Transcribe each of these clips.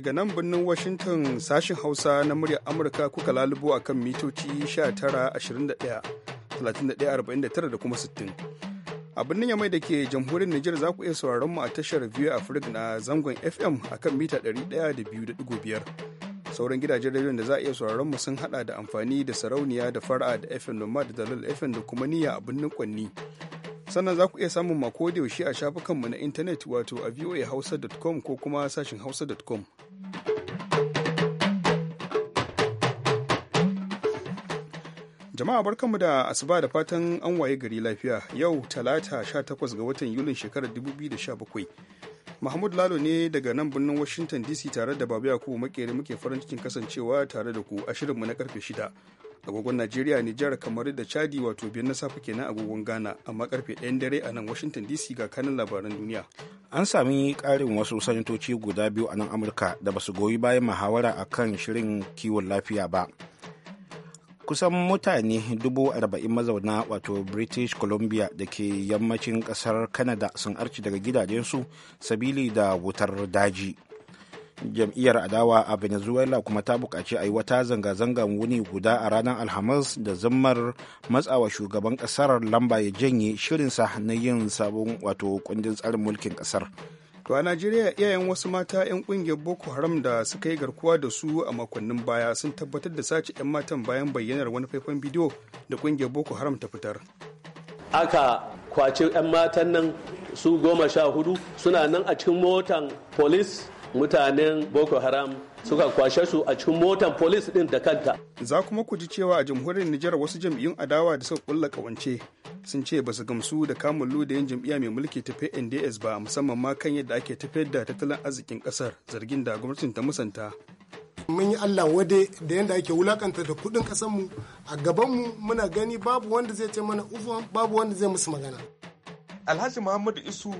daga nan birnin Washington sashin Hausa na muryar Amurka kuka lalubo a kan mitoci 19-21-31-49 da kuma 60. A birnin Yamai da ke jamhuriyar Nijar za ku iya sauraron mu a tashar View Africa na zangon FM a kan mita 102.5. Sauran gidajen rediyon da za a iya sauraron mu sun hada da amfani da sarauniya da fara'a da FM Nomad da Dalil FM da kuma niyya a birnin Kwanni. sannan za ku iya samun mako da yaushe a shafukanmu na intanet wato a voahausa.com ko kuma sashin hausa.com jama'a barkanmu da asuba da fatan an waye gari lafiya yau talata 18 ga watan yulin shekarar 2017 mahmud lalo ne daga nan birnin washington dc tare da babu yakubu makere muke farin cikin kasancewa tare da ku a shirinmu na karfe 6 agogon najeriya nijar kamar da chadi wato biyar na safe kenan agogon ghana amma karfe 1 dare a nan washington dc ga kanin labaran duniya an sami karin wasu sanatoci guda biyu a nan amurka da basu goyi bayan muhawara a kan shirin kiwon lafiya ba kusan mutane dubu arba'in mazauna wato british columbia da ke yammacin kasar canada sun arci daga gidajensu sabili da wutar daji jam'iyyar adawa a venezuela kuma ta bukaci a yi wata zanga-zangar wuni guda a ranar alhamis da zammar matsawa shugaban ƙasar lamba ya janye shirinsa na yin sabon wato kundin tsarin mulkin ƙasar to a najeriya iyayen wasu mata 'yan ƙungiyar boko haram da suka yi garkuwa da su a makonnin baya sun tabbatar da sace 'yan matan bayan bayyanar wani faifan bidiyo da kungiyar boko haram ta fitar aka kwace 'yan matan nan su goma sha hudu suna nan a cikin motan polis mutanen boko haram suka kwashe su a cikin motan polis din da kanta za kuma ku ji cewa a jamhuriyar nijar wasu jam'iyyun adawa da suka kulla kawance sun ce ba su gamsu da kamun yin jam'iyya mai mulki ta nds ba musamman ma kan yadda ake tafiyar da tattalin arzikin kasar zargin da gwamnatin ta musanta mun yi Allah wade da yadda ake wulakanta da kudin kasanmu a gabanmu muna gani babu wanda zai ce mana ufa babu wanda zai musu magana alhaji muhammadu isu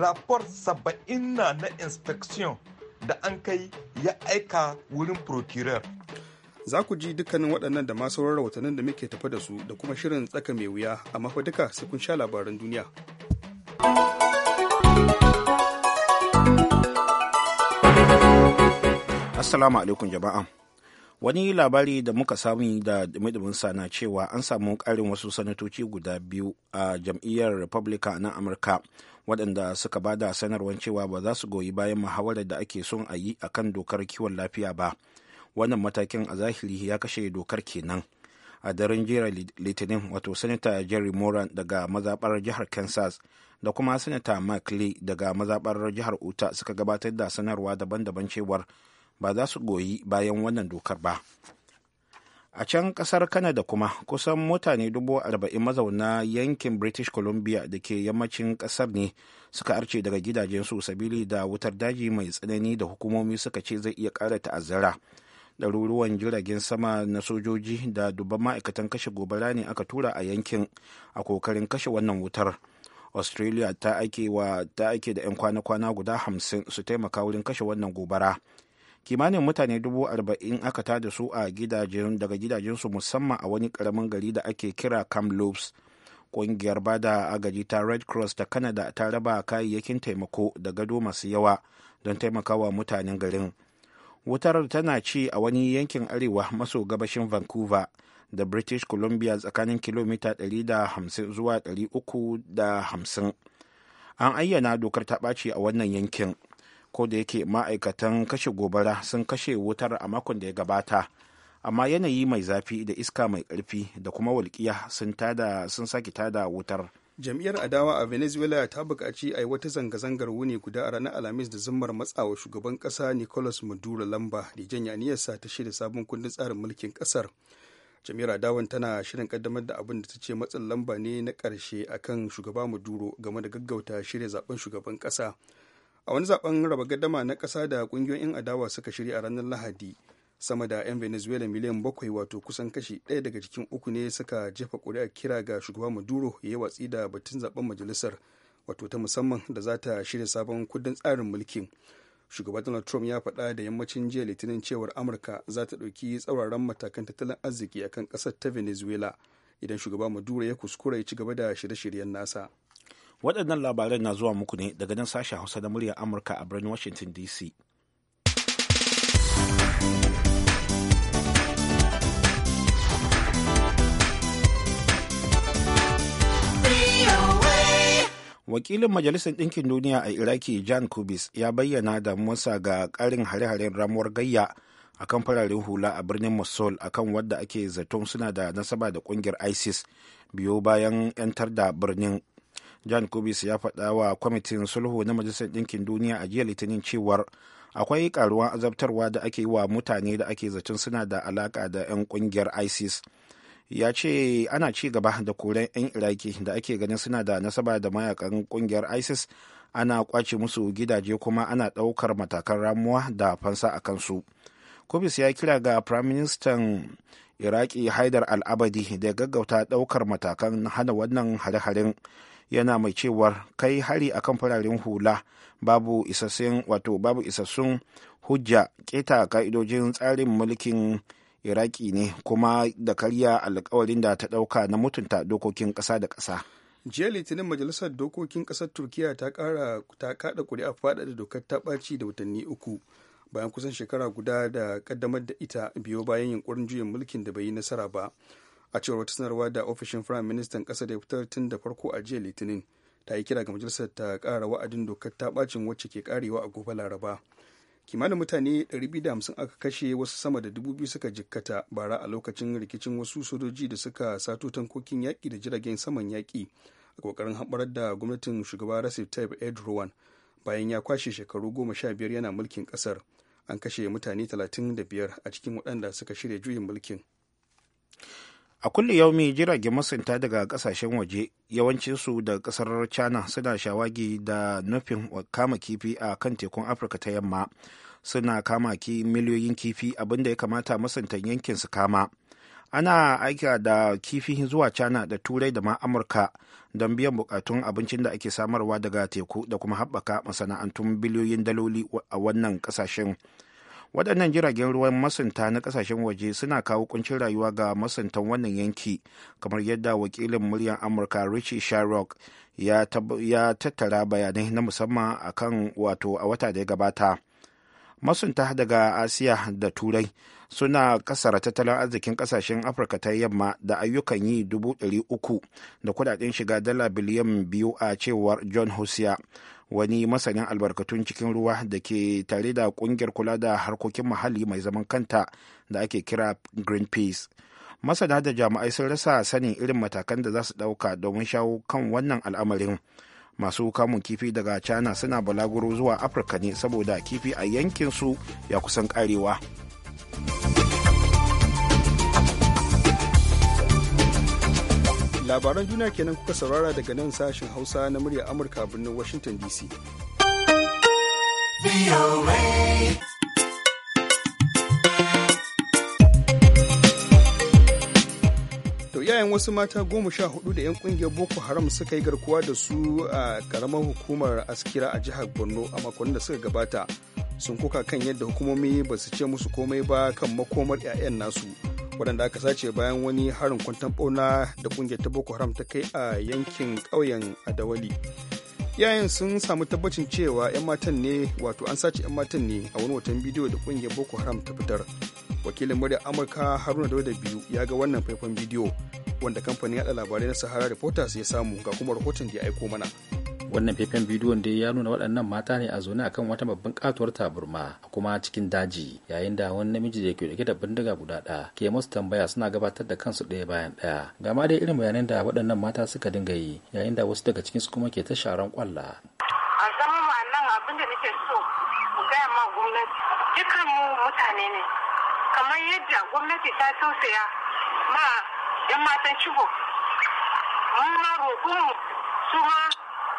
rapport saba'in na na inspection da an kai ya aika wurin procureur za ku ji dukkanin waɗannan da masu rahotannin da muke tafa da su da kuma shirin tsaka mai wuya amma fa duka sai kun sha labaran duniya assalamu alaikum jama'a wani labari da muka samu da dumi na cewa an samu karin wasu sanatoci guda biyu a jam'iyyar republican na amurka waɗanda suka ba da sanarwar cewa ba za su goyi bayan muhawarar da ake son a yi a kan dokar kiwon lafiya ba wannan matakin a zahiri ya kashe dokar kenan a daren jera litinin wato sanata jerry moran daga mazaɓar jihar kansas da kuma sanata mark lee daga mazaɓar jihar utah suka gabatar da sanarwa daban-daban cewar ba za su goyi bayan wannan dokar ba a can kasar canada kuma kusan mutane dubu arba'in mazauna yankin british columbia da ke yammacin kasar ne suka arce daga gidajensu sabili da wutar daji mai tsanani da hukumomi suka ce zai iya ƙara ta'azzara ɗaruruwan jiragen sama na sojoji da dubban ma'aikatan kashe gobara ne aka tura a yankin a kokarin kashe wannan wutar australia ta ake ta ake da 'yan kwana-kwana guda hamsin su taimaka wurin kashe wannan gobara kimanin mutane dubu arba'in aka tada su a gidajen daga gidajensu musamman a wani karamin gari da ake kira kamloops kungiyar bada agaji ta red cross ta canada ta raba kayayyakin taimako da gado masu yawa don taimakawa mutanen garin wutar tana ci a wani yankin arewa maso gabashin vancouver da british columbia tsakanin kilomita 150 zuwa 350 an ayyana dokar ta ɓaci a wannan yankin ko da yake ma'aikatan kashe gobara sun kashe wutar a makon da ya gabata amma yanayi mai zafi da iska mai karfi da kuma walƙiya sun tada sun sake tada wutar jam'iyyar adawa a venezuela ta buƙaci a yi wata zanga-zangar wuni guda a ranar alhamis da zummar matsawa shugaban ƙasa nicolas maduro lamba da janya aniyarsa ta shirya sabon kundin tsarin mulkin ƙasar jam'iyyar adawan tana shirin kaddamar da abin da ta ce matsin lamba ne na ƙarshe akan shugaba maduro game da gaggauta shirya zaben shugaban ƙasa a wani zaben raba gadama na kasa da kungiyoyin 'yan adawa suka shirya a ranar lahadi sama da 'yan venezuela miliyan bakwai wato kusan kashi ɗaya daga cikin uku ne suka jefa ƙuri'a kira ga shugaba maduro ya yi watsi da batun zaben majalisar wato ta musamman da za ta shirya sabon kudin tsarin mulkin shugaba donald trump ya faɗa da yammacin jiya litinin cewar amurka za ta ɗauki tsauraran matakan tattalin arziki akan ƙasar ta venezuela idan shugaba maduro ya kuskura ya ci gaba da shirye-shiryen nasa waɗannan labaran na zuwa muku ne daga nan sashen hausa na muryar amurka a birnin washington dc wakilin majalisar ɗinkin duniya a iraki jan kubis ya bayyana da damuwarsa ga ƙarin hare-haren ramuwar gayya a kan fararen hula a birnin mosul akan wadda ake zaton suna da nasaba da ƙungiyar isis biyo bayan 'yantar da birnin john kubis ya faɗa wa kwamitin sulhu na majalisar ɗinkin duniya a jiya litinin cewar akwai karuwan azabtarwa da ake wa mutane da ake zaton suna da alaka da 'yan kungiyar isis ya ce ana ci gaba da koren 'yan iraki da ake ganin suna da nasaba da mayakan kungiyar isis ana kwace musu gidaje kuma ana ɗaukar matakan ramuwa da fansa a kansu kubis ya kira ga prime minister iraki haidar al'abadi da gaggauta ɗaukar matakan hana wannan hare-haren yana mai cewar kai hari a kan fararen hula babu isassun wato babu isassun hujja keta ka'idojin tsarin mulkin iraki ne kuma da karya alkawarin da ta dauka na mutunta dokokin kasa da kasa jiya litinin majalisar dokokin kasar turkiya ta kara ta kada kuri'a da dokar ta ɓaci da watanni uku bayan kusan shekara guda da kaddamar da ita biyo bayan yunkurin juyin mulkin da bai yi nasara ba a cewar wata sanarwa da ofishin firayim ministan ƙasa da fitar tun da farko a jiya litinin ta yi kira ga majalisar ta kara wa'adin dokar ta bacin wacce ke karewa a gobe laraba kimanin mutane 250 aka kashe wasu sama da 2000 suka jikkata bara a lokacin rikicin wasu sojoji da suka sato tankokin yaƙi da jiragen saman yaƙi a kokarin haɓarar da gwamnatin shugaba Recep Tayyip Erdogan bayan ya kwashe shekaru goma sha biyar yana mulkin kasar an kashe mutane 35 a cikin waɗanda suka shirya juyin mulkin a kulle yaumi jiragen masunta daga kasashen waje yawancinsu daga kasar china suna shawagi da nufin kama kifi a kan tekun afirka ta yamma suna kama ki miliyoyin kifi abinda ya kamata masuntan yankin su kama ana aika da kifi zuwa china da turai da ma amurka don biyan bukatun abincin da ake samarwa daga teku da kuma haɓaka masana'antun biliyoyin daloli a wannan kasashen waɗannan jiragen ruwan masunta na ƙasashen waje suna kawo kuncin rayuwa ga masuntan wannan yanki kamar yadda wakilin muryar amurka richie sharrock ya tattara bayanai na musamman a kan wato a wata da ya gabata masunta daga asiya da turai suna kasara tattalin arzikin kasashen afirka ta yamma da ayyukan yi dubu uku da kudaden shiga dala biliyan biyu a cewar john hosiya wani masanin albarkatun cikin ruwa da ke tare da kungiyar kula da harkokin muhalli mai zaman kanta da ake kira greenpeace masana da jami'ai sun rasa sanin irin matakan da za su ɗauka domin shawo kan wannan al'amarin masu kamun kifi daga china suna balaguro zuwa afirka ne saboda kifi a yankinsu ya kusan karewa labaran juna kenan kuka saurara daga nan sashen hausa na murya amurka birnin washington dc iyayen wasu mata goma sha hudu da 'yan kungiyar boko haram suka yi garkuwa da su a karamar hukumar askira a jihar borno a makonnin da suka gabata sun kuka kan yadda hukumomi ba su ce musu komai ba kan makomar 'ya'yan nasu waɗanda aka sace bayan wani harin kwantan bauna da kungiyar ta boko haram ta kai a yankin ƙauyen adawali yayin sun samu tabbacin cewa 'yan matan ne wato an sace 'yan matan ne a wani watan bidiyo da kungiyar boko haram ta fitar wakilin murya amurka haruna dauda biyu ya ga wannan faifan bidiyo wanda kamfanin yada labarai na sahara reporters ya samu ga kuma rahoton da ya aiko mana wannan faifan bidiyo dai ya nuna waɗannan mata ne a zaune akan wata babban katuwar taburma kuma cikin daji yayin da wani namiji da ke dauke da bindiga guda ɗaya ke musu tambaya suna gabatar da kansu ɗaya bayan ɗaya ga ma dai irin bayanan da waɗannan mata suka dinga yi yayin da wasu daga cikinsu kuma ke ta sharan kwalla a zama nan abin da nake so mu gaya ma gwamnati dukkan mu mutane ne kamar yadda gwamnati ta tausaya ma 'yan matan cigo mun ma roƙonmu su ma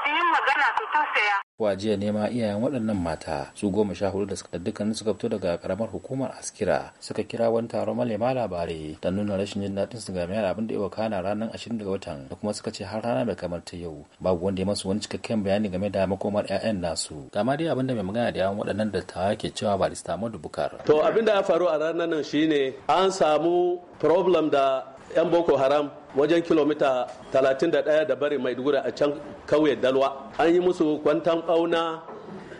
su yi magana su tausaya wa jiya nema iyayen waɗannan mata su goma sha hudu da suka dukkanin suka fito daga karamar hukumar askira suka kira wani taron malema labarai da nuna rashin jin daɗin su game da abin da ya kana ranar ashirin daga watan da kuma suka ce har rana mai kamar ta yau babu wanda ya masu wani cikakken bayani game da makomar 'ya'yan nasu kama dai abin da mai magana da yawan waɗannan da ta ke cewa barista madu bukar to abin da ya faru a ranar nan shine an samu problem da yan boko haram wajen kilomita 31 da bari maiduguri a can kauye dalwa an yi musu kwantan bauna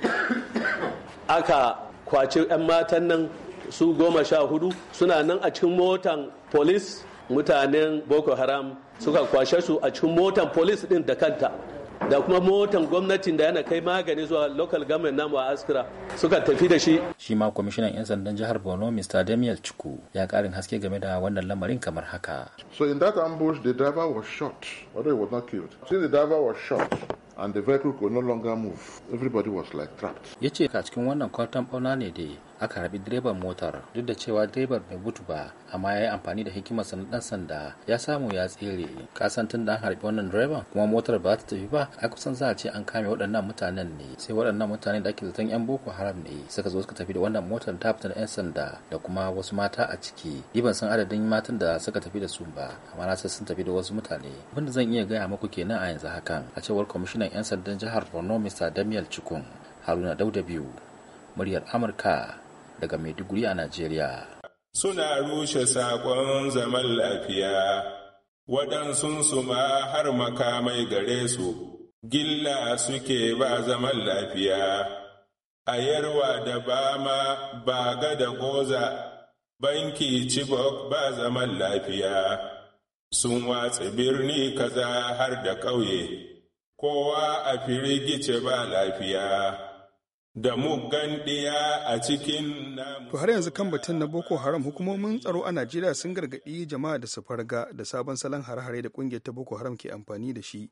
aka kwace 'yan matan nan su goma sha hudu suna nan a cikin motan polis mutanen boko haram suka kwashe su a cikin motan polis din da kanta da kuma motan gwamnatin da yana kai magani zuwa local government namu a askira suka tafi da shi shi ma kwamishinan yan sandan jihar borno mr damiel chuku ya karin haske game da wannan lamarin kamar haka so in that ambush the driver was shot although he was not killed since the driver was shot and the vehicle could no longer move everybody was like trapped yace ka cikin wannan kwatan bauna ne dai aka harbi direban motar duk da cewa direban bai mutu ba amma ya yi amfani da hikimar na dan sanda ya samu ya tsere kasan tun da an harbi wannan direban kuma motar ba ta tafi ba a kusan za a ce an kame waɗannan mutanen ne sai waɗannan mutane da ake zaton yan boko haram ne suka zo suka tafi da wannan motar ta fita yan sanda da kuma wasu mata a ciki ni ban san adadin matan da suka tafi da su ba amma na sun tafi da wasu mutane abinda zan iya gaya muku kenan a yanzu hakan a cewar kwamishinan yan sandan jihar Borno Mr. Damiel Chukwun. Haruna Dauda biyu muryar Amurka daga Maiduguri a Najeriya. Suna rushe saƙon zaman lafiya, waɗansu su ma har makamai gare su, gilla suke ba zaman lafiya. A yarwa da ma ba ga da goza, banki Chibok ba zaman lafiya. Sun watsa birni kaza har da ƙauye, kowa a firigice ba lafiya. da muggan a cikin To har yanzu kan batun na Boko Haram hukumomin tsaro a Najeriya sun gargaɗi jama'a da su farga da sabon salon hare-hare da ƙungiyar ta Boko Haram ke amfani da shi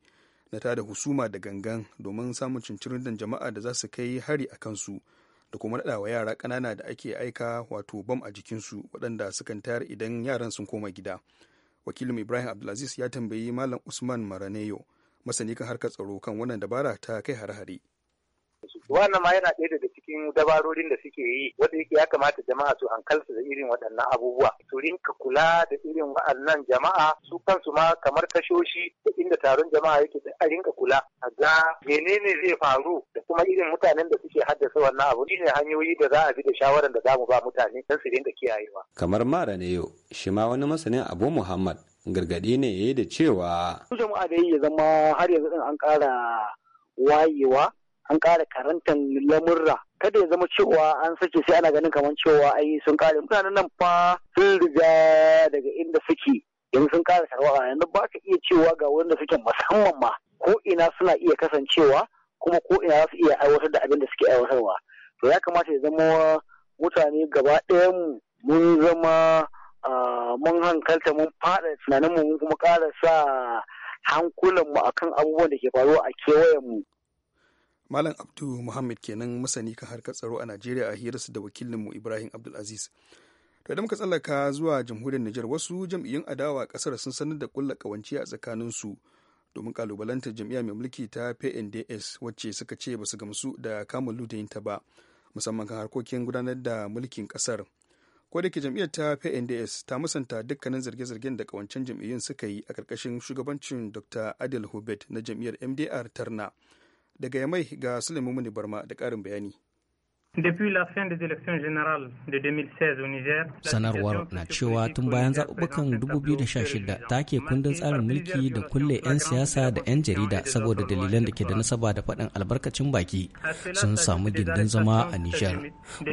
na ta da husuma da gangan domin samun cincirin jama'a da za su kai hari a kansu da kuma naɗawa yara ƙanana da ake aika wato bam a jikinsu waɗanda sukan tayar idan yaran sun koma gida. Wakilin Ibrahim Abdulaziz ya tambayi Malam Usman Maraneyo masani kan harkar tsaro kan wannan dabara ta kai hare-hare. wannan ma yana ɗaya daga cikin dabarorin da suke yi wanda yake ya kamata jama'a su hankalta da irin waɗannan abubuwa su rinka kula da irin waɗannan jama'a su kansu ma kamar kashoshi da inda taron jama'a yake a rinka kula a ga menene zai faru da kuma irin mutanen da suke haddasa wannan abu ne hanyoyi da za a bi da shawaran da za mu ba mutane don su rinka kiyayewa kamar mara ne yau shi ma wani masanin abu muhammad gargaɗi ne ya yi da cewa jama'a da ya zama har yanzu an ƙara wayewa an ƙara karantar lamurra kada ya zama cewa an sake sai ana ganin kamar cewa ai sun kare mutanen nan fa sun riga daga inda suke yanzu sun ƙara sarwa yanzu ba ka iya cewa ga wanda suke musamman ma ko ina suna iya kasancewa kuma ko ina su iya aiwatar da abin da suke aiwatarwa to ya kamata ya zama mutane gaba ɗayan mun zama mun hankalta mun faɗa tunanin mu kuma ƙara sa hankulan mu akan abubuwan da ke faruwa a kewayen mu Malam Abdu Muhammad kenan masani kan harkar tsaro a Najeriya a hirarsa da wakilinmu Ibrahim Abdulaziz. To idan muka tsallaka zuwa jamhuriyar Nijar wasu jam'iyyun adawa kasar sun sanar da kulla kawanci a tsakanin su domin kalubalantar jam'iyya mai mulki ta PNDS wacce suka ce basu gamsu da kamun ta ba musamman kan harkokin gudanar da mulkin kasar. Ko da ke jam'iyyar ta PNDS ta musanta dukkanin zirge zargen da kawancen jam'iyyun suka yi a karkashin shugabancin Dr. Adil Hubert na jam'iyyar MDR Tarna. daga yamai ga sulaiman muni barma da ƙarin bayani Sanarwar na cewa tun bayan zaɓuɓɓukan 2016 take kundin tsarin mulki da kulle 'yan siyasa da 'yan jarida saboda dalilan da ke da nasaba da faɗin albarkacin baki sun samu gindin zama a Nijar,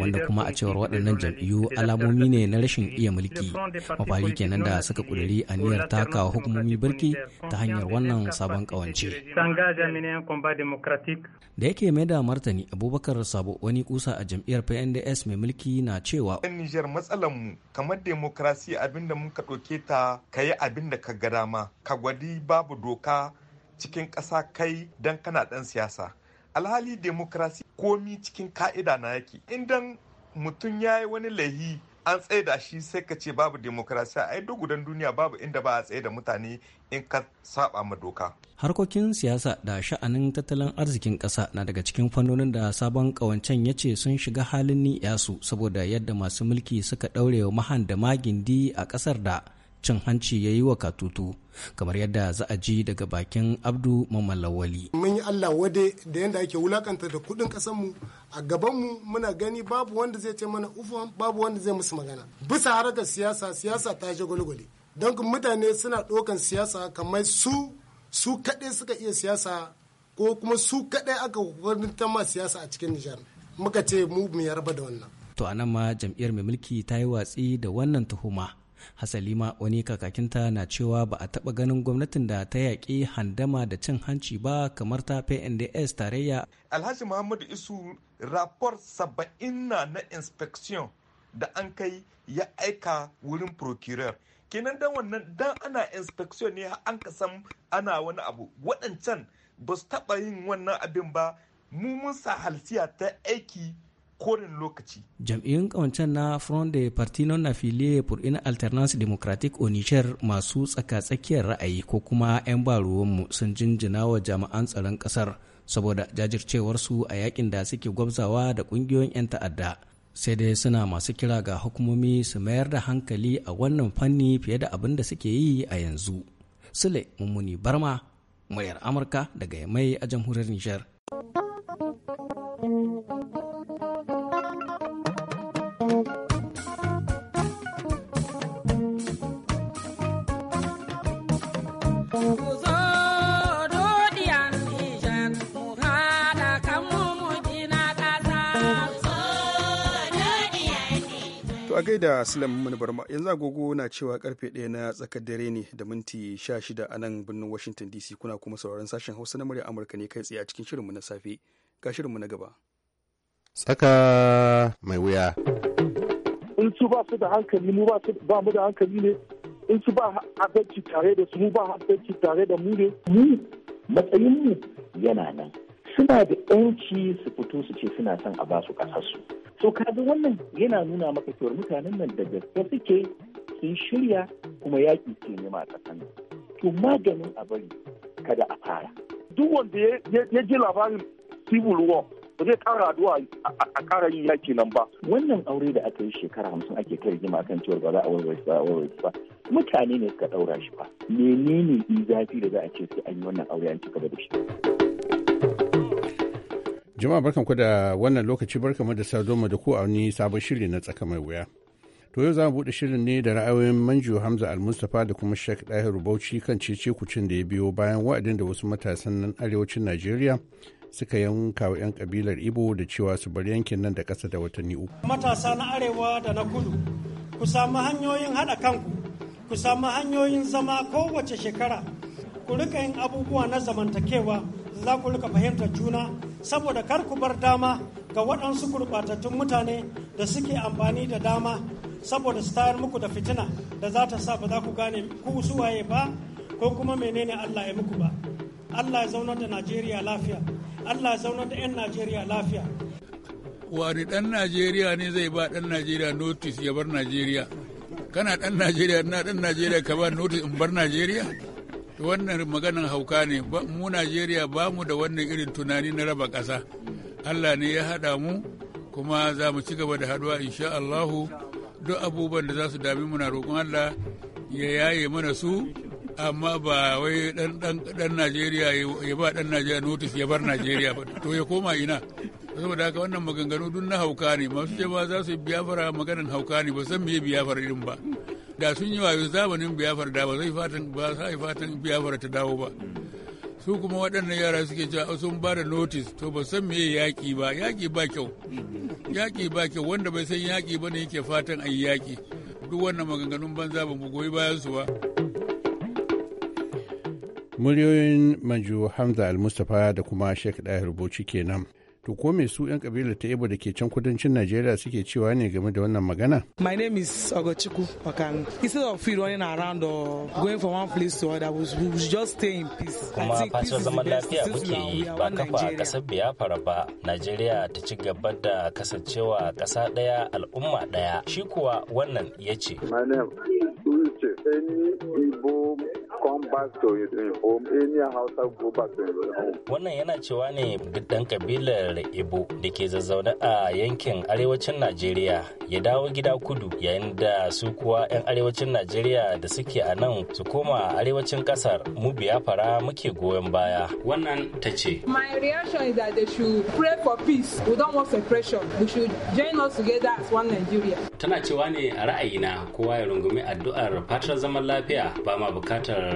wanda kuma a cewar waɗannan jam'iyyu alamomi ne na rashin iya mulki. Mafari kenan da suka a aniyar taka hukumomi birki ta hanyar wannan sabon ƙawance. Da yake mai da martani Abubakar Sabo wani kusa siyasa a jam'iyyar PNDS mai mulki na cewa yan Nijar matsalar mu kamar demokrasi abinda mun doke ɗauke ta ka yi abin da ka ga dama ka gwadi babu doka cikin ƙasa kai dan kana ɗan siyasa alhali demokrasi komi cikin ka'ida na yake idan mutum ya yi wani lahi an tsada shi sai ka ce babu demokrasiya a duk gudan duniya babu inda ba a tsaye da mutane in ka saba ma doka harkokin siyasa da sha'anin tattalin arzikin ƙasa na daga cikin fannonin da sabon ƙawancen ya ce sun shiga halin ni'yasu saboda yadda masu mulki suka wa mahan da magindi a ƙasar da cin hanci ya yi wa katutu kamar yadda za a ji daga bakin abdu mamalawali mun yi allah wade da yadda ake wulakanta da kudin kasanmu a gabanmu muna gani babu wanda zai ce mana ufa babu wanda zai musu magana bisa harkar siyasa siyasa ta je gwalgwale don mutane suna ɗaukan siyasa kamar su su kaɗai suka iya siyasa ko kuma su kaɗai aka ta ma siyasa a cikin nijar muka ce mu mu yarba da wannan to anan ma jam'iyyar mai mulki ta yi watsi da wannan tuhuma hasalima wani kakakinta na cewa ba a taba ganin gwamnatin da ta yaƙi handama da cin hanci ba kamar ta pnds tarayya alhaji muhammadu isu rapor saba'in na na inspection da an kai ya aika wurin procureur kenan dan wannan dan ana inspection ne an san ana wani abu waɗancan ba su taɓa yin wannan abin ba mu mun sa halsiya ta aiki koren lokaci. Jam'iyyun kawancen na Front de Parti non affilié pour une alternance démocratique au Niger masu tsaka-tsakiyar ra'ayi ko kuma 'yan baruwanmu sun jinjina wa jami'an tsaron kasar saboda jajircewar su a yakin da suke gwabzawa da ƙungiyoyin 'yan ta'adda. Sai dai suna masu kira ga hukumomi su mayar da hankali a wannan fanni fiye da abin da suke yi a yanzu. Sule Mummuni Barma, muryar Amurka daga mai a jamhuriyar Nijar. gaida Sulaiman Barma yanzu agogo na cewa karfe ɗaya na tsakar dare ne da minti sha shida a nan birnin Washington DC kuna kuma sauraron sashen Hausa na murya Amurka ne kai tsaye a cikin shirinmu na safe ga shirinmu na gaba. Tsaka mai wuya. In su ba su da hankali mu ba mu da hankali ne in su ba abinci tare da su mu ba abinci tare da mu ne. Mu matsayinmu yana nan suna da 'yanci su fito su ce suna son a ba su ƙasarsu. so ka ga wannan yana nuna maka cewar mutanen nan da gaske suke sun shirya kuma yaƙi ke nema a ƙasan to maganin a bari kada a fara duk wanda ya ji labarin civil war ba zai kara addu'a a ƙara yin yaki nan ba wannan aure da aka yi shekara hamsin ake ta rigima kan cewar ba za a warware ba ba mutane ne suka ɗaura shi ba menene zafi da za a ce sai an yi wannan aure an cika da shi Jama'a barkanku da wannan lokaci mu da sadoma da ku a wani sabon shiri na tsaka mai wuya. To yau za mu buɗe shirin ne da ra'ayoyin Manju Hamza Al-Mustapha da kuma Sheikh Dahiru Bauchi kan cece kucin da ya biyo bayan wa'adin da wasu matasan nan arewacin Najeriya suka yanka wa 'yan kabilar Ibo da cewa su bar yankin nan da ƙasa da watanni uku. Matasa na arewa da na kudu ku samu hanyoyin haɗa kanku ku samu hanyoyin zama kowace shekara ku rika yin abubuwa na zamantakewa za ku rika fahimtar juna saboda kar ku bar dama ga waɗansu gurɓatattun mutane da suke amfani da dama saboda su tayar muku da fitina da za ta sa ba za ku gane ku su waye ba ko kuma menene Allah ya muku ba Allah ya zaunar da Najeriya lafiya Allah ya zaunar da 'yan Najeriya lafiya wani ɗan Najeriya ne zai ba ɗan Najeriya notice ya bar Najeriya kana ɗan Najeriya na ɗan Najeriya ka ba notice in bar Najeriya wannan maganan hauka ne mu najeriya ba mu da wannan irin tunani na raba ƙasa allah ne ya haɗa mu kuma za mu ci gaba da haɗuwa insha allahu duk abubuwan da za su dami muna roƙon allah ya yaye mana su amma ba wai ɗan najeriya ya ba ɗan najeriya notis ya bar najeriya ba to ya koma ina saboda haka wannan maganganu duk na hauka ne masu cewa za su yi biyafara maganan hauka ne ba san me biyafara irin ba da sun yi wayo zamanin biyafar da ba zai fatan ba sai fatan biyafar ta dawo ba su kuma waɗannan yara suke cewa sun ba da notice to ba san me yaƙi ba yaƙi ba kyau yaƙi ba kyau wanda bai san yaƙi ba ne yake fatan a yi yaƙi duk wannan maganganun banza ba mu goyi bayan su ba muryoyin manju hamza al-mustapha da kuma sheikh dahir bauchi kenan To ko me su 'yan kabilar ta Ibo da ke can kudancin Najeriya suke cewa ne game da wannan magana? My name is Ogochiku Okan. Instead of fear running around or going from one place to other, we should just stay in peace. Kuma fashin zaman lafiya kuke yi ba kafa kasar Biafra ba. Najeriya ta ci gaba da kasancewa ƙasa ɗaya al'umma ɗaya. Shi kuwa wannan ya ce. My name is come back to his home any hausa go back to his home wannan yana cewa ne dan kabilar ibo da ke zazzaune a yankin arewacin najeriya ya dawo gida kudu yayin da su kuwa 'yan arewacin najeriya da suke a nan su koma arewacin kasar mu biya fara muke goyon baya wannan ta ce my reaction is that they should pray for peace we don't want separation we should join us together as one nigeria tana cewa ne a ra'ayina kowa ya rungumi addu'ar fatar zaman lafiya ba ma bukatar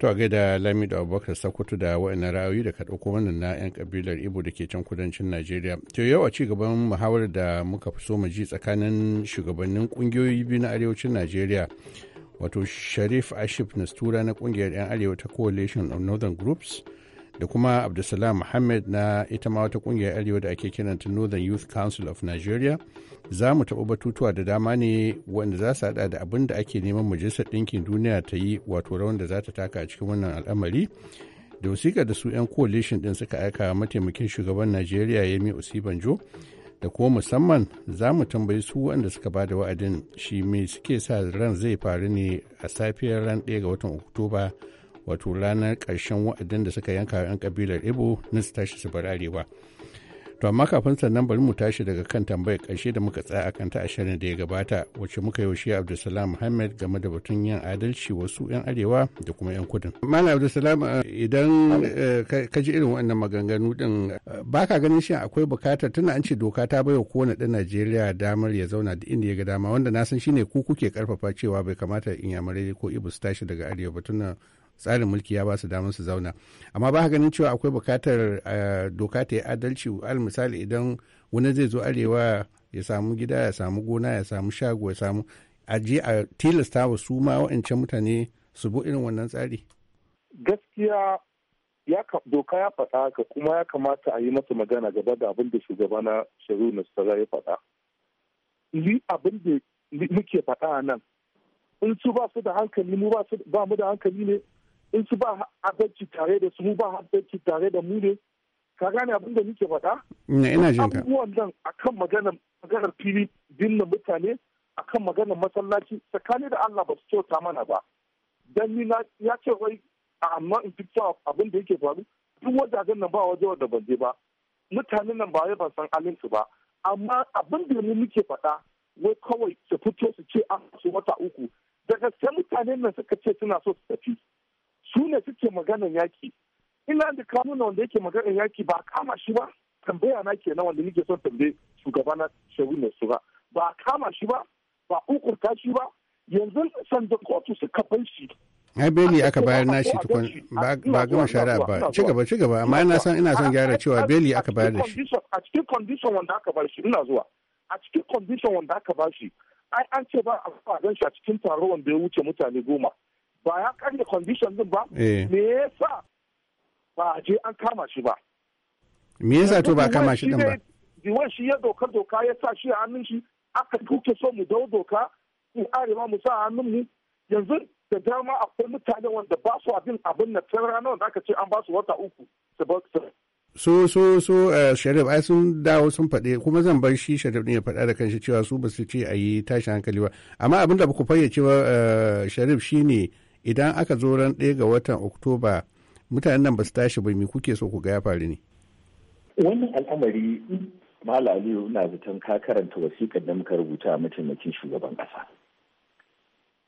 To a gaida Lamido Abubakar Sokoto da wa'annan ra'ayoyi da ka ɗauko wannan na 'yan kabilar Ibo da ke can kudancin Najeriya. To yau a cigaban gaban muhawar da muka fi so mu ji tsakanin shugabannin ƙungiyoyi biyu na arewacin Najeriya. Wato Sharif Ashif Nastura na ƙungiyar 'yan arewa ta Coalition of Northern Groups da kuma abdulsalam muhammad na ita ma wata kungiyar arewa da ake kiran ta northern youth council of nigeria za mu taɓa batutuwa da dama ne wanda za su haɗa da abin da ake neman majalisar ɗinkin duniya ta yi wato rawan da za ta taka a cikin wannan al'amari da wasiƙa da su 'yan coalition ɗin suka aika mataimakin shugaban najeriya yemi osibanjo da kuma musamman za mu tambayi su wanda suka ba da wa'adin shi me suke sa ran zai faru ne a safiyar ran ɗaya ga watan oktoba wato ranar karshen wa'adin da suka yanka 'yan kabilar ibo na su tashi su bar arewa to amma kafin sannan bari mu tashi daga kan tambayar ƙarshe da muka tsaya akan ta ashirin da ya gabata wacce muka yi shi abdulsalam muhammad game da batun yin adalci wasu 'yan arewa da kuma 'yan kudin malam abdulsalam eh, idan eh, ka ji irin wannan maganganu din eh, ba ka ganin shi akwai bukatar tana an ce doka ta bai wa kowane ɗan najeriya damar ya zauna da inda ya ga dama wanda na san shine ku kuke karfafa cewa bai kamata in yamarai ko ibu su tashi daga arewa ba tuna tsarin mulki ya ba su damar su zauna amma ba ganin cewa akwai bukatar doka ta yi adalci al misali idan wani zai zo arewa ya samu gida ya samu gona ya samu shago ya samu a tilasta wa su ma wa'ancan mutane su bu irin wannan tsari gaskiya ya doka ya faɗa haka kuma ya kamata a yi masa magana gaba da abin da shugaba na shiru na ya faɗa abin da muke faɗa nan in su ba su da hankali mu ba mu da hankali ne in su ba adalci tare da su ba abinci tare da mu ne ka gane abin da nike faɗa mm, ina jin ka abubuwan nan akan maganar maganar fili dinna mutane akan maganar masallaci tsakani da Allah ba su kyauta mana ba dan ni ya ce wai amma in fi abin da yake faru duk wajajen nan ba waje wanda ban je ba mutanen nan ba ban san alinsu ba amma abin da mu muke faɗa wai kawai su fito su ce an su wata uku daga sai mutanen nan suka ce suna so su tafi su ne suke maganar yaki ina da kanuna wanda yake maganar yaki ba kama shi ba tambaya na kenan wanda nake son tambaye shugaba na shagun su ba ba kama shi ba ba ukurta shi ba yanzu sanda kotu suka bar shi ai beli aka bayar nashi tukun ba gama shari'a ba ci gaba ci gaba amma ina son ina son gyara cewa beli aka bayar da shi a cikin condition wanda aka bar shi ina zuwa a cikin condition wanda aka bar shi ai an ce ba a fadan shi a cikin taro wanda ya wuce mutane goma ba ya karya condition din ba eh. me yasa ba a je an kama shi ba me yasa to ba kama shi din ba diwan shi ya doka doka ya sa shi a hannun shi aka tuke so mu dau doka mu arewa mu sa hannun mu yanzu da dama akwai mutane wanda ba su abin abin na tsara ranar da aka ce an ba su wata uku so so so eh, sharif ai sun dawo sun faɗi kuma zan bar shi sharif ne ya faɗa da kanshi cewa su ba su ce a yi tashin hankali ba amma abin da ba ku fayyace ba eh, sharif shine idan aka zo ran ɗaya ga watan oktoba mutanen nan ba su tashi ba me kuke so ku ga ya faru ne wannan al'amari malaliyo na zaton ka karanta wasiƙar da muka rubuta a mataimakin shugaban ƙasa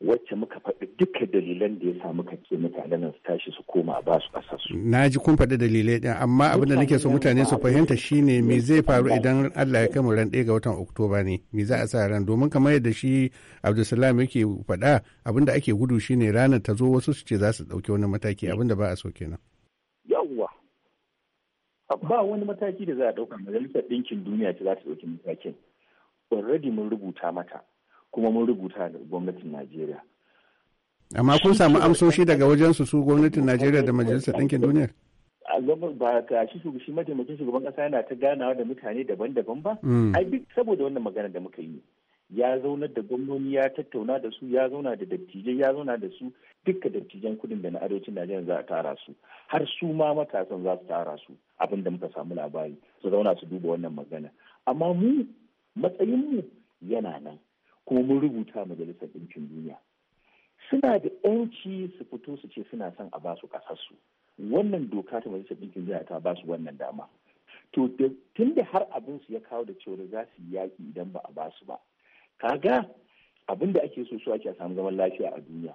wacce muka faɗi duka dalilan da ya sa muka ce mutane nan su tashi su koma a basu su. Na ji kun faɗi dalilai ɗin amma abin da nake so mutane su fahimta shine me zai faru idan Allah ya kai mu ran ɗaya ga watan Oktoba ne me za a sa ran domin kamar yadda shi Abdulsalam yake faɗa abin da ake gudu shine ranar ta zo wasu su ce za su ɗauki wani mataki abin da ba a so kenan. ba wani mataki da za a ɗauka majalisar ɗinkin duniya ce za ta ɗauki matakin. Already mun rubuta mata kuma mun rubuta da gwamnatin najeriya amma kun samu amsoshi daga wajen su su gwamnatin najeriya da majalisar ɗinkin duniya ba ka shi su shi mataimakin shugaban ƙasa yana ta ganawa da mutane daban-daban ba hmm. ai duk saboda wannan magana da muka yi ya zauna da gwamnoni ya tattauna da su ya zauna da dattijai ya zauna da su dukka dattijan kudin da na arewacin najeriya za a tara su har su ma matasan za su tara su abin da muka samu labari su zauna su duba wannan magana amma mu matsayinmu yana nan kuma mun rubuta majalisar ɗinkin duniya suna da yanci su fito su ce suna son a ba su ƙasarsu wannan doka ta majalisar ɗinkin duniya ta ba su wannan dama to tun da har abin su ya kawo da cewa za su yaƙi idan ba a ba su ba kaga abin da ake so su ake samu zaman lafiya a duniya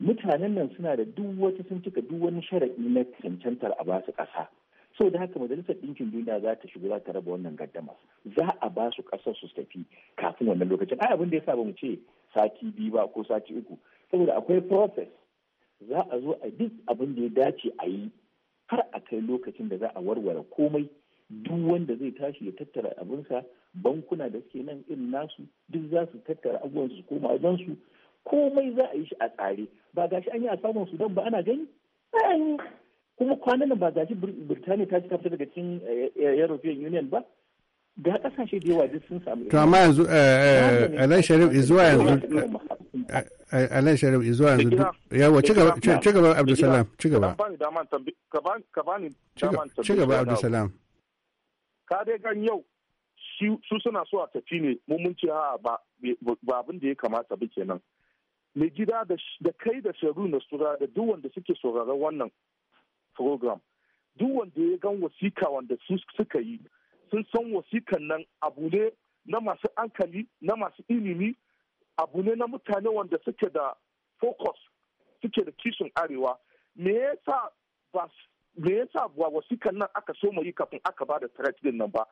mutanen nan suna da duk wata sun cika duk wani sharaɗi na cancantar a ba su ƙasa sau da haka majalisar ɗinkin duniya za ta shigo za ta raba wannan gaddama za a ba su ƙasar su tafi kafin wannan lokacin ai abin da ya sa mu ce sati biyu ba ko sati uku saboda akwai process za a zo a duk abin da ya dace a yi har a kai lokacin da za a warware komai duk wanda zai tashi ya tattara abinsa bankuna da suke nan irin nasu duk za su tattara abubuwan su koma a su komai za a yi shi a tsare ba gashi an yi a samun su sudan ba ana gani kuma kwanan nan ba gaji birtaniya ta ci ta fita daga cikin eh, eh, european union ba ga kasashe da yawa duk sun samu to amma yanzu eh, alai sharif izuwa yanzu alai sharif izuwa yanzu yawa ci gaba abdulsalam ci gaba ka bani ci gaba abdulsalam ka dai gan yau su suna so a tafi ne mu mun ce a'a ba abin da ya kamata ba kenan mai gida da kai da sharu da sura da duk wanda suke sauraron wannan program duk wanda ya gan wasika wanda su suka yi sun san wasikan nan abu ne na masu ankali na masu ilimi abu ne na mutane wanda suke da focus suke da kishin arewa me yasa ba ba wasikan nan aka so mu yi kafin aka ba da threat din nan ba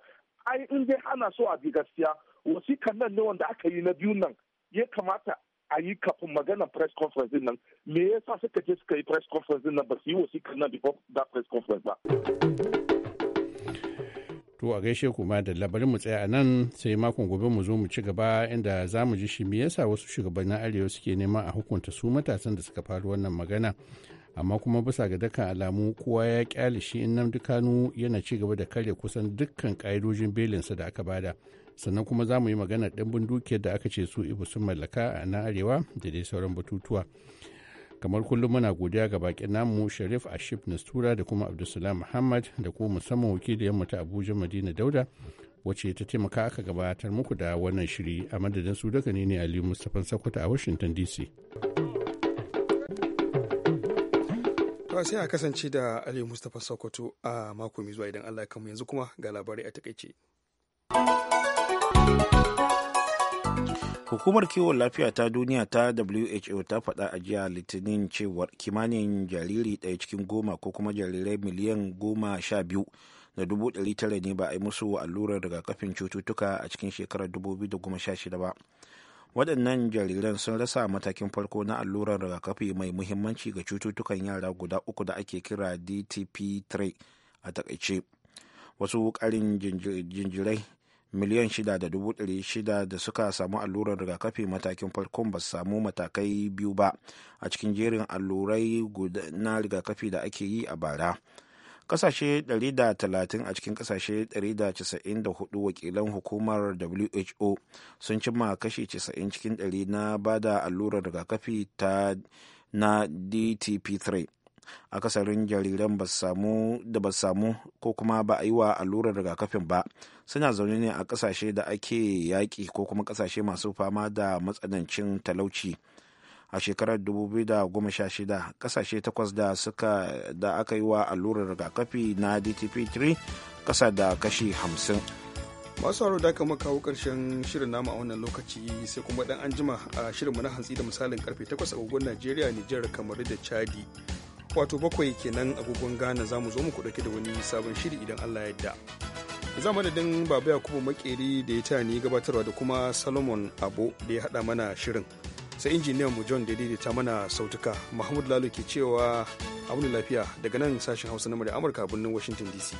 ai in dai hana so a bi gaskiya wasikan nan ne wanda aka yi na biyu nan ya kamata a yi kafin magana press conference nan me yasa suka je suka yi press conference nan ba su yi wasikar nan before that press conference ba To a gaishe kuma da labarin mu tsaya a nan sai makon gobe mu zo mu ci gaba inda za mu ji shi me yasa wasu shugabannin arewa suke neman a hukunta su matasan da suka faru wannan magana. Amma kuma bisa ga dukkan alamu kowa ya kyale shi in nan dukanu yana ci gaba da karya kusan dukkan ka'idojin belinsa da aka bada. sannan kuma za mu yi maganar ɗimbin dukiyar da aka ce su ibu sun mallaka a na arewa da dai sauran batutuwa kamar kullum muna godiya ga bakin namu sharif ashif nastura da kuma abdulsalam muhammad da kuma musamman wakiliyar mu ta abuja madina dauda wacce ta taimaka aka gabatar muku da wannan shiri a madadin su daga ne ali mustapha sakwata a washington dc to sai a kasance da aliyu mustapha sokoto a mako mai zuwa idan allah ya kamu yanzu kuma ga labarai a takaice hukumar kiwon lafiya ta duniya ta who ta faɗa a jiya litinin cewar kimanin jariri ɗaya cikin goma ko kuma jarirai miliyan goma sha biyu da dubu ɗari tara ne ba a yi musu allurar rigakafin cututtuka a cikin shekarar shida ba waɗannan jariran sun rasa matakin farko na allurar rigakafi mai muhimmanci ga cututtukan yara guda uku da ake kira dtp 3 a takaice wasu ƙarin jinjirai miliyan shida da dubu ɗari shida da suka samu allurar rigakafi matakin farkon ba su samu matakai biyu ba a cikin jerin allurai na rigakafi da ake yi a bara kasashe 130 a cikin kasashe 194 wakilan hukumar who sun cimma kashi 90 cikin 100 na bada allurar rigakafi ta na dtp 3 akasarin jariran ba samu da ba samu ko kuma ba a yi wa allurar rigakafin ba suna zaune ne a kasashe da ake yaƙi ko kuma kasashe masu fama da matsanancin talauci a shekarar 2016 kasashe takwas da suka da aka yi wa allurar rigakafi na dtp3 kasa da kashi 50 masu haro da aka kawo karshen shirin nama a wannan lokaci sai kuma dan anjima a shirin na hantsi da misalin karfe 8 agogon najeriya nijar kamar da chadi wato bakwai kenan agogon Ghana za mu zo muku ɗauke da wani sabon shiri idan Allah ya yarda. Za mu madadin Baba Yakubu Makeri da ya ta ni gabatarwa da kuma Solomon Abo da ya haɗa mana shirin. Sai injiniyan mu John da ta mana sautuka Mahmud Lalo ke cewa abu lafiya daga nan sashen Hausa na Amurka birnin Washington DC.